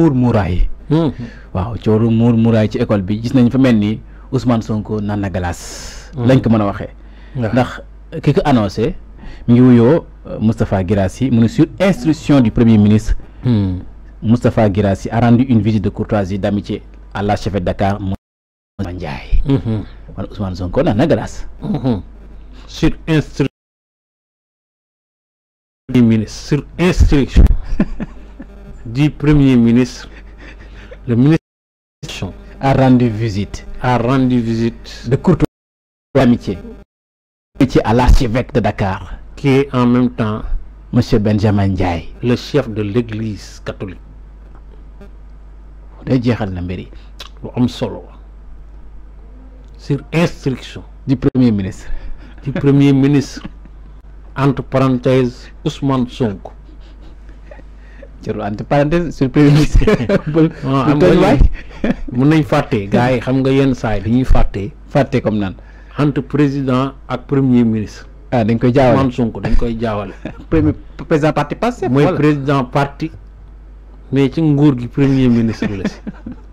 muur muuraay yi hmm. waaw cooru muur muuraay ci école bi gis nañ fa melni Ousmane Sonko nana na hmm. lañ ko mëna waxé ndax kiko annoncé mi ngi wuyo euh, mustapha girassi mu sur instruction du premier ministre mustapha hmm. girassi a rendu une visite de courtoisie d'amitié à la l'archevêque de Dakar Ousmane Ndiaye Ousmane Sonko nana na galaas sur instruction du ministre sur instruction du Premier ministre, le ministre a rendu visite. A rendu visite. De courte amitié. à l'archevêque de Dakar. Qui est en même temps. Monsieur Benjamin Ndiaye. Le chef de l'église catholique. Sur instruction. Du Premier ministre. Du Premier ministre. Entre parenthèses, Ousmane Sonko. cëru entre parenthèse sur prévisions. mun nañ fàtte gars yi xam nga yenn saa yi dañuy fàtte. fàtte comme nan. entre président ak premier ministre. ah dañ koy jaawale Ousmane Sonko dañ koy jaawale. premier président parti passé. mooy président parti. mais ci nguur gi premier ministre la si.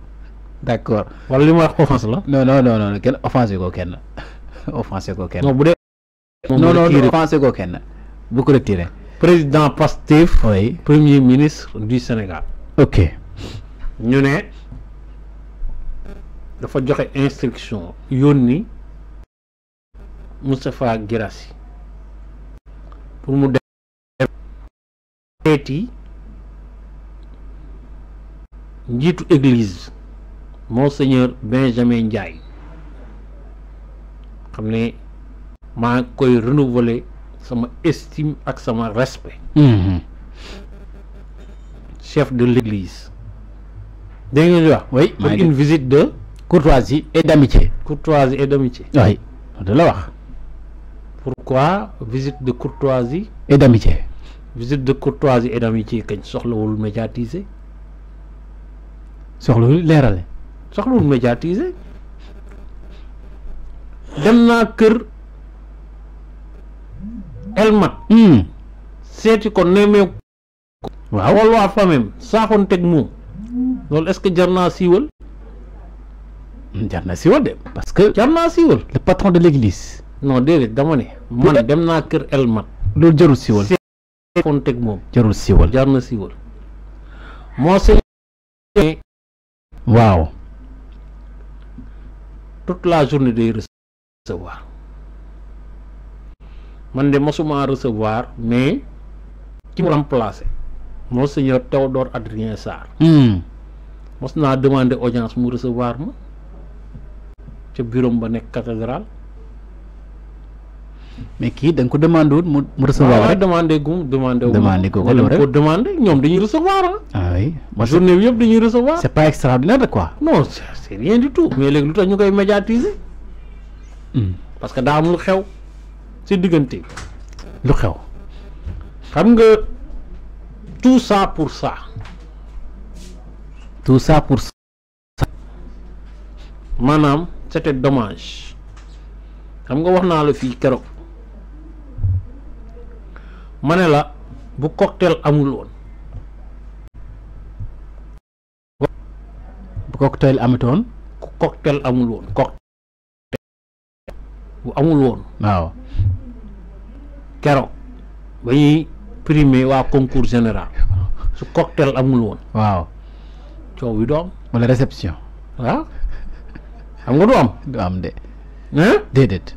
d' accord wala li ma wax offense la. non non non non kenn offensé ko kenn offensé ko kenn. non bu dee. non non ko kenn bu ko retiré. président Pastef premier ministre du Sénégal. ok Nous ne dafa joxe instruction Yoni Moustapha Guirassy pour mu def dit monseigneur Benjamin Ndiaye Je ma sama estime ak sama respect mhm. chef de l'église oui une visite de courtoisie et d'amitié courtoisie et d'amitié oui de pourquoi visite de courtoisie et d'amitié visite de courtoisie et d'amitié kañ soxlawul médiatiser le Sur le médiatiser dem ma elmat hmm. seeti ko nemmeeku waaw wal waa famem teg moom loolu est-ce jar naa siiwal hmm, jar naa siiwal de parce que jar naa siiwal le patron de l'église non déedéet dama ne man dem naa kër elmat loolu jarul siiwal saaxoon teg moom jarul siiwal jar na siiwal moo se waaw toute la journée day recevoir man de mosuma recevoir mais ci mu remplacé monseigneur Théodore Adrien Sarr hmm. mos naa demandé audience mu recevoir ma ca bureau ba nekk cathédrale mais kii da nga ko demande woon mu mu recevoir rek demande gu demande wu demandé ko ko demandé demande dañuy recevoir ah, ah oui journée bi yëpp dañuy recevoir c'est pas extraordinaire de quoi non c'est rien du tout mais léegi lu tax ñu koy médiatiser hmm. parce que daa am ci diggante lu xew xam nga tout ça pour ça tout ça pour ça maanaam c'était dommage xam nga wax naa la fii keroog ma ne la bu cocktail amuloon bu cocktail amatoon cocktail amul woon bu amul waaw kero ba ñuy primé waa concours général su cocktail amul woon. waaw coow bi doom walla wala réception. waaw ah? xam nga du am. du am de. ah déedéet.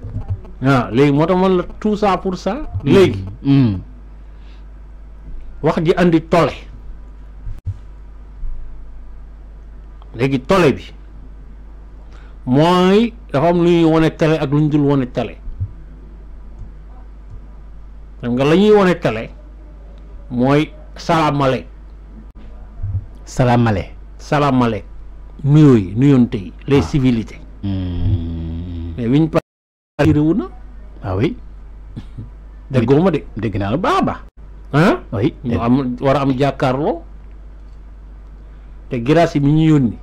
waaw léegi moo tax man la tout ça pour ça. léegi. Mm. Mm. wax ji andi tole. léegi tole bi mooy dafa am lu ñuy wane télé ak lu ñu dul wane télé. xam nga la ñuy wane télé mooy salaamale salaamale salaamale nuyoo yi nuyonte yi les ah. civilités hmm. mais bi pari réwu na ah naa la baax a baax ah am war a am jàkkaarloo te grâce yi mi ñu yónni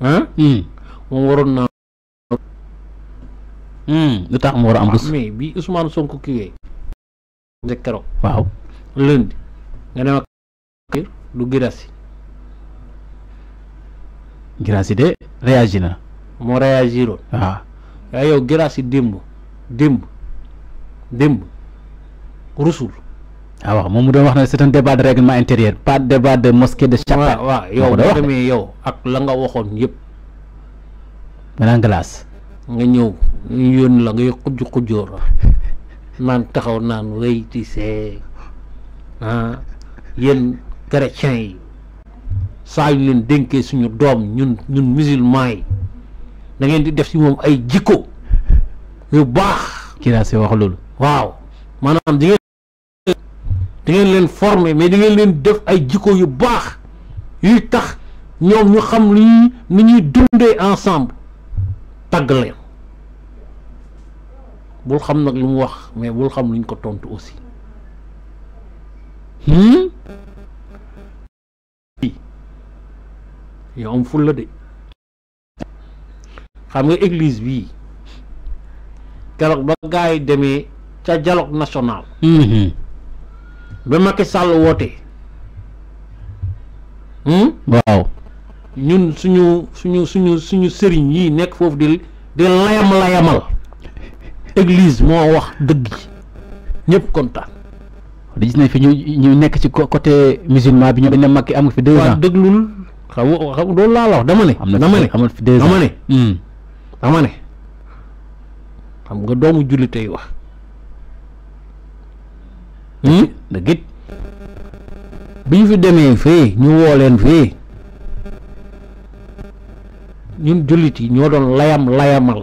ah moom waroon naa hmm. lu tax mu war a am bés ah, mais bi Ousmane Sonko kiiwee de keroog waaw lundi nga dem ak du girasi girasi de réagi na moo réagiroon waaw waaye yow girasi démb démb démb rusul ah waaw moom mu doon wax ne c'est un débat de règlement intérieur pas débat de mosquée de chapelle waaw yow boo demee yow ak la nga waxoon yëpp nga glace nga ñëw ñu yónni la ngay xujj xujjoor naan taxaw naan wéy tu sais ah yéen chrétiens yi saa yu leen dénkee suñu doom ñun ñun musulman yi da ngeen di def ci moom ay jikko yu baax. Kinaase wax loolu. waaw maanaam di ngeen di ngeen leen former mais di ngeen leen def ay jikko yu baax yuy tax ñoom ñu xam lu ñuy nu ñuy dundee ensemble tàgg leen bul xam nag lu mu wax mais bul xam luñ ko tontu aussi hmm? yow am fulla de xam nga église bii keroog ba gars yi demee ca dialogue national hmm. ba Macky Sall woote hmm? waaw ñun suñu suñu suñu suñu sëriñ yi nekk foofu di di layam layamal église moo wax dëgg ñëpp kontaan gis nañ fi ñu ñu nekk ci côté musulman bi ñu dañ ne makki am fi deux ans déglul xam xam loolu laa la wax dama ne dama ne amul fi deux ans dama ne hmm. dama ne xam nga doomu jullit tey wax hmm? bi ñu fi demee fee ñu woo leen fee ñun jullit yi ñoo doon layam layamal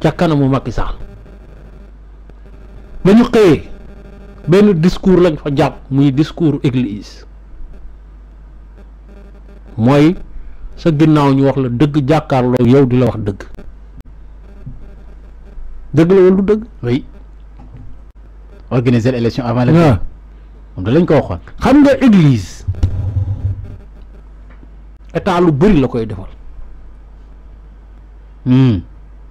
ca kanamu Macky Sall ba ñu xëyee benn discours lañ fa jàpp muy discours église mooy sa ginnaaw ñu wax la dëgg jàkkaarloo yow di la wax dëgg dëgg la woon du dëgg oui organiser avant la ah. lañ ko waxoon xam nga église état lu bëri la koy defal hmm.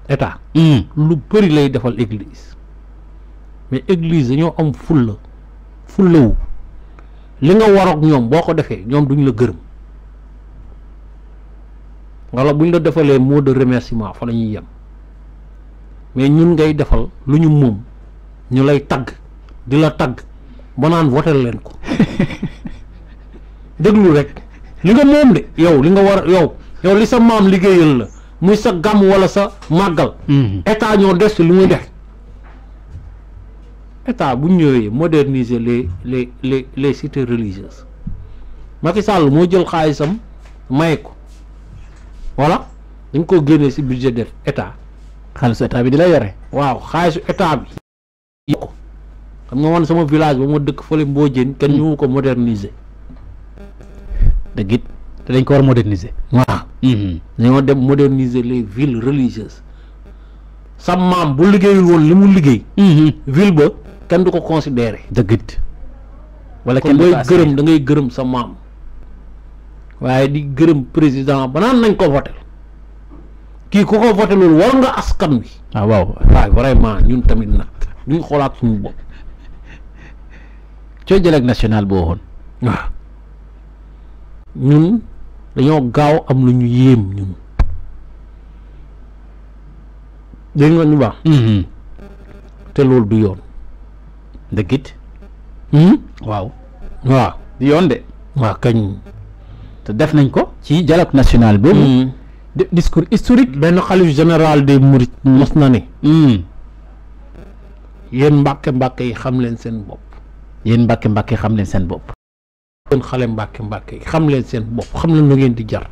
état hmm. lu bëri lay defal église mais église dañoo am fulla fullawu li nga waroog ñoom boo ko defee ñoom duñ la gërëm wala buñ la defalee mot de remerciement fa la ñuy yem mais ñun ngay defal lu ñu moom ñu lay tagg di la tagg ba naan woteel leen ko déglu rek li nga moom de yow li nga war yow yow li sa maam liggéeyal la muy sa gàmm wala sa màggal mm-hmm. état ñoo des lu muy def état bu ñëwé moderniser les les les les cités religieuses Macky Sall mo jël xaalisam may ko voilà dañ ko gënné si budget def état xaalisu état bi di yoré waaw xaalisu état bi yokk xam nga won sama village bu mo dëkk fële Mbodiène kan hmm. ñu ko moderniser dëgg it dañ ko war moderniser waaw hmm. dañoo dem moderniser les villes religieuses sa mam bu liggéeyul won limu liggéey hmm ville ba kenn du ko considéré dëggit wala kenn du gërëm da ngay gërëm sa maam waaye di gërëm président banaan nañ ko voté kii ku ko voté loolu war nga askan wi ah waaw waaw vraiment ñun tamit nag duñ xoolaat suñu bopp coo dialogue national boo woon waaw ñun dañoo gaaw am lu ñu yéem ñun dégg nga ñu baax mm-hmm. te loolu du yoon The hmm wow, wow, di yonde wa kagn te def nañ ko ci dialogue national boobu hmm. discours historique ben khalif général de mourides hmm. mos na ne hmm. yéen mbàkke mbacke yi xam len sen bop yeen mbacke mbacke xam len sen hamlen yéen xale mbacke mbacke xam len sen valor, xam len lu ngeen di jar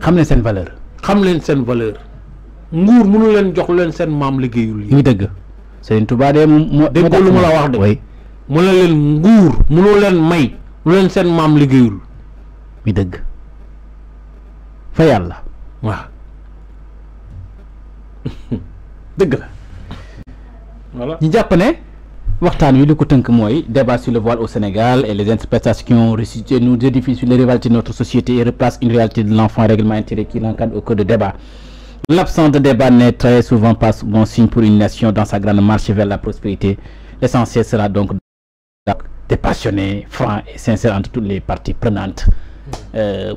xam len sen valeur xam len sen valeur nguur mënu len jox len sen mam yi ngi Serigne Touba de moo déggoo lu ma wax de mu ne leen nguur munoo leen may lu leen seen maam liggéeyul mi deug fa yalla wa deug la voilà ñu jàpp ne waxtaan wi li ko tënk débat sur le voile au Sénégal et les interprétations ressuscitées nous édifient sur les rivalités de notre société et replace une réalité de l'enfant règlement intérêt qui l'encadre au cours de débat L'absence de débat n'est très souvent pas bon signe pour une nation dans sa grande marche vers la prospérité. L'essentiel sera donc de passionnés, francs et sincères entre toutes les parties prenantes. Euh,